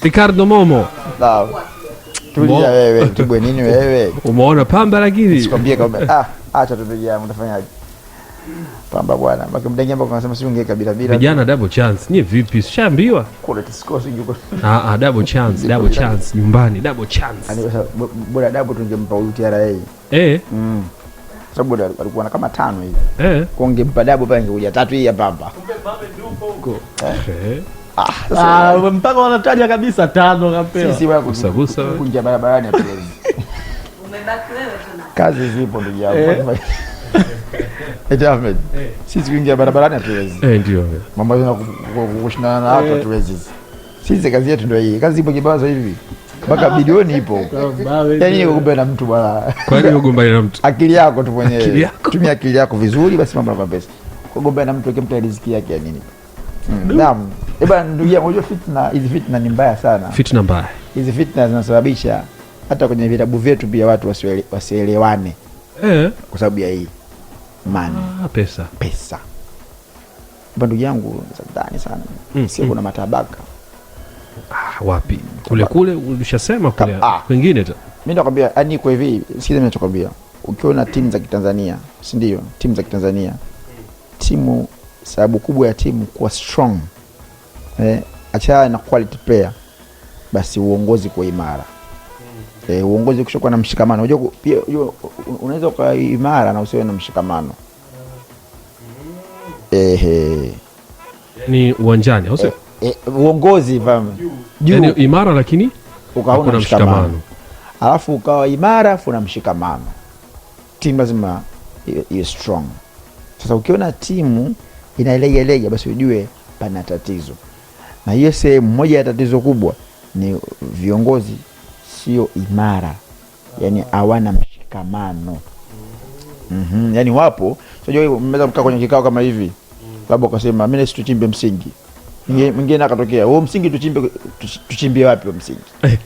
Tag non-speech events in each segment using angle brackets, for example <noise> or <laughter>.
Ricardo Momo. Sawa. Tulia wewe, tupigwe nini wewe? <laughs> Umeona pamba lakini. Sikwambie kama ah, acha tupige hapo utafanyaje? Pamba bwana. Maki mdengi ambao unasema si ungeka bila bila. Vijana double chance. Nyie vipi? Shambiwa. Kule tisikosi yuko. Ah ah, double chance, double eh. ah, ah, chance nyumbani, double chance. Ani bora double tungempa huyu yeye. Eh. Mm. Sababu ndio alikuwa na kama tano hivi. Eh. Kwa double pale ingekuja tatu hii ya pamba. Kumbe pamba ndio huko. Eh. eh? Ah, ah, mpaka wanataja kabisa tano kapewa. Sisi <laughs> wewe kusabusa kunja barabarani hatuwezi. Umebaki Kazi zipo ndugu yangu. Eh. <laughs> Eti Ahmed. Eh. Sisi kuingia barabarani hatuwezi. Eh, ndio. Mambo ya kushindana na watu eh. hatuwezi. Sisi kazi yetu ndio hii. Kazi ipo kibazo hivi. Mpaka ah. bilioni ipo. <laughs> Oh, yaani ugombane na mtu bwana. Kwa nini ugombane na mtu? Akili yako tu mwenyewe. Tumia akili yako vizuri basi mambo yanapesa. Kugombana na mtu kimpa riziki yake ya nini? Hmm, naam. Eba eh ndugu yangu, unajua fitna hizi, fitna ni mbaya sana, fitna mbaya hizi, fitna zinasababisha hata kwenye vitabu vyetu pia watu wasielewane eh, kwa sababu ya hii mani ah, pesa pesa. Eba ndugu yangu, sadani sana mm, sio mm. kuna mm. matabaka ah, wapi mm, kule kule ulishasema kule ah, kwingine tu mimi nakwambia, yani kwa hivi, sikiza mimi ninachokwambia. Ukiona timu za Kitanzania, si ndio? Timu za Kitanzania, mm. timu sababu kubwa ya timu kuwa strong mm eh, acha na quality player, basi uongozi kwa imara mm. eh, uongozi ukishakuwa na mshikamano, unajua pia unaweza kwa imara na usiwe na mshikamano eh. ni yaani uwanjani au sio? Eh, eh, uongozi vama juu yani imara, lakini ukaona mshikamano, alafu ukawa imara afu na mshikamano, timu lazima iwe strong. Sasa ukiona timu inalegelega, basi ujue pana tatizo na hiyo sehemu moja ya tatizo kubwa ni viongozi sio imara, yani hawana mshikamano. mm -hmm. Yani wapo unajua, mkaa kwenye kikao kama hivi, labda ukasema mimi tuchimbe msingi, mwingine akatokea huo msingi tuchimbe, tuchimbie wapi huo msingi? <laughs>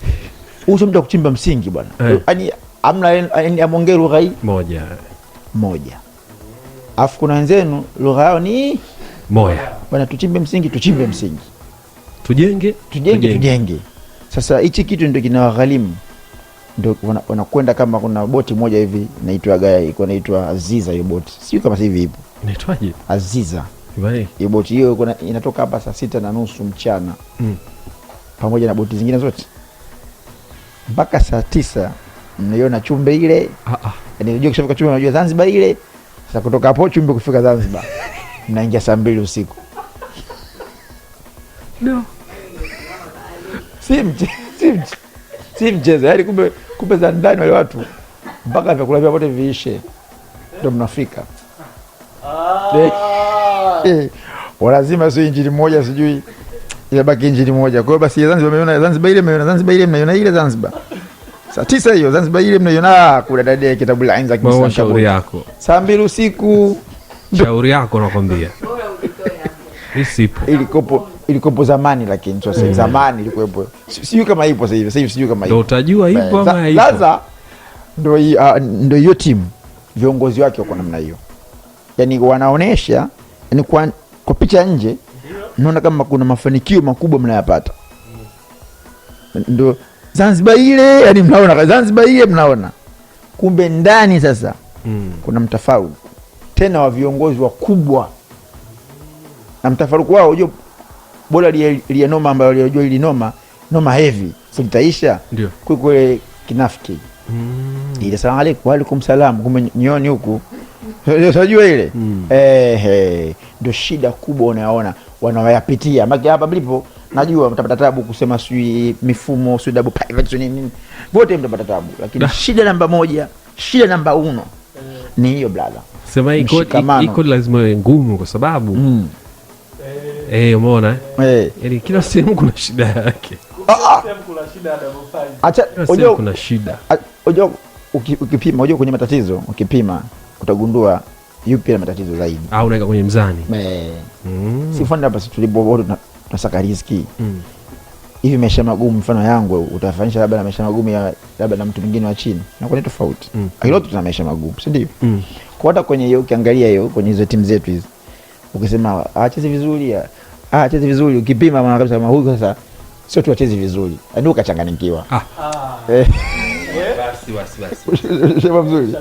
Huyu sio mtu wa kuchimba msingi bwana, eh. yaani, yani amna amwongee lugha hii moja moja, alafu kuna wenzenu lugha yao ni moya bwana, tuchimbe msingi, tuchimbe msingi tujenge, tujenge, tujenge. Sasa hichi kitu ndio kinawaghalimu, ndio wanakwenda kama kuna boti moja hivi inaitwa gaya, inaitwa Aziza hiyo boti, sijui kama sasa hivi ipo, inaitwaje? Aziza hiyo boti hiyo inatoka hapa saa sita na nusu mchana mm. pamoja na boti zingine zote mpaka saa tisa mnaiona Chumbe ile ah, ah. yaani najua kishafika Chumbe najua Zanzibar ile. Sasa kutoka hapo Chumbe kufika Zanzibar <laughs> mnaingia saa mbili usiku no. si mchezo si mche, Yaani kumbe, kumbe za ndani wale watu mpaka vyakula vyao vyote viishe ndo mnafika ah. eh, eh, walazima, sio injili moja sijui inabaki injili moja. Kwa hiyo basi Zanzibar mnaiona Zanzibar ile mnaiona Zanzibar ile mnaiona ile Zanzibar saa tisa hiyo Zanzibar ile mnaiona ah, kuna dada kitabu la ainza kimsa. Shauri yako saa mbili usiku, shauri yako nakwambia isipo, ilikopo ilikopo zamani, lakini sasa mm. zamani ilikuwepo, sijui kama ipo sasa hivi. Sasa hivi sijui kama ipo, ndio utajua ipo ama haipo. Sasa ndio ah, ndio hiyo timu viongozi wake wako namna hiyo, yani wanaonesha yani kwa, kwa picha nje naona kama kuna mafanikio makubwa mnayapata, ndio Zanzibar ile yani mnaona Zanzibar ile mnaona, kumbe ndani sasa mm. kuna mtafauti tena wa viongozi wakubwa na mtafaruku wao, ujo bora liye noma ambayo liajua ili noma noma hevi silitaisha kule kinafiki mm. ile salamu alaikum waalaikum salam, kumbe nyoni huku sajua <laughs> ile mm. eh, ndio shida kubwa unayoona wanaoyapitia maki hapa mlipo najua mtapata tabu kusema sijui mifumo sijui double pivot sijui nini, wote mtapata tabu, lakini shida namba moja, shida namba uno ni hiyo bladha, sema iko iko lazima ngumu kwa sababu mm. Eh, umeona eh? Eh. Yaani kila sehemu kuna shida yake. Ah. ah. Kuna shida Acha unajua kuna shida. Ah, unajua ukipima, unajua kwenye matatizo ukipima utagundua yupi ana matatizo zaidi. Au ah, unaweka kwenye mzani. Eh. Mm. Si fundi hapa tulipo wote tunasaka riziki. Mm. Hivi maisha magumu mfano yangu utafanisha labda na maisha magumu ya labda na mtu mwingine wa chini. Na kwa nini tofauti? Mm. Hilo tuna maisha magumu, si ndio? Mm. Kwa hata kwenye hiyo ukiangalia hiyo kwenye hizo timu zetu hizi. Ukisema acheze vizuri ya ah, chezi vizuri ukipima, maana kabisa kama huyu sasa sio tu achezi vizuri, ndio yaani ukachanganyikiwa. Ah, eh. Eh? basi basi basi, sema vizuri,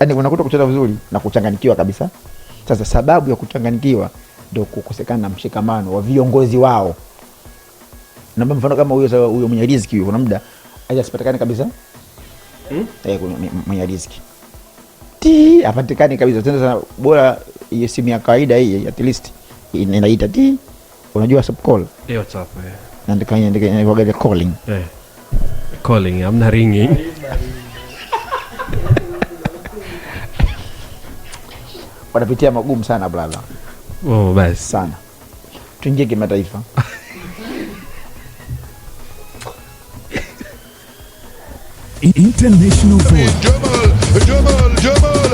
yani unakuta kucheza vizuri na kuchanganyikiwa kabisa. Sasa sababu ya kuchanganyikiwa ndio kukosekana mshikamano wa viongozi wao, na mfano kama huyo sasa huyo mwenye riziki huyo, kuna muda aje asipatikane kabisa hmm? Eh, mwenye riziki ti apatikane kabisa tena, bora hiyo simu ya kawaida hii at least inaita ti unajua WhatsApp call? Ndio WhatsApp. Eh? Naandika inaitwa calling. Eh. Calling, i'm not ringing. <laughs> Wanapitia magumu sana brother Oh, basi. Sana. Tuingie kimataifa. <laughs> International Football.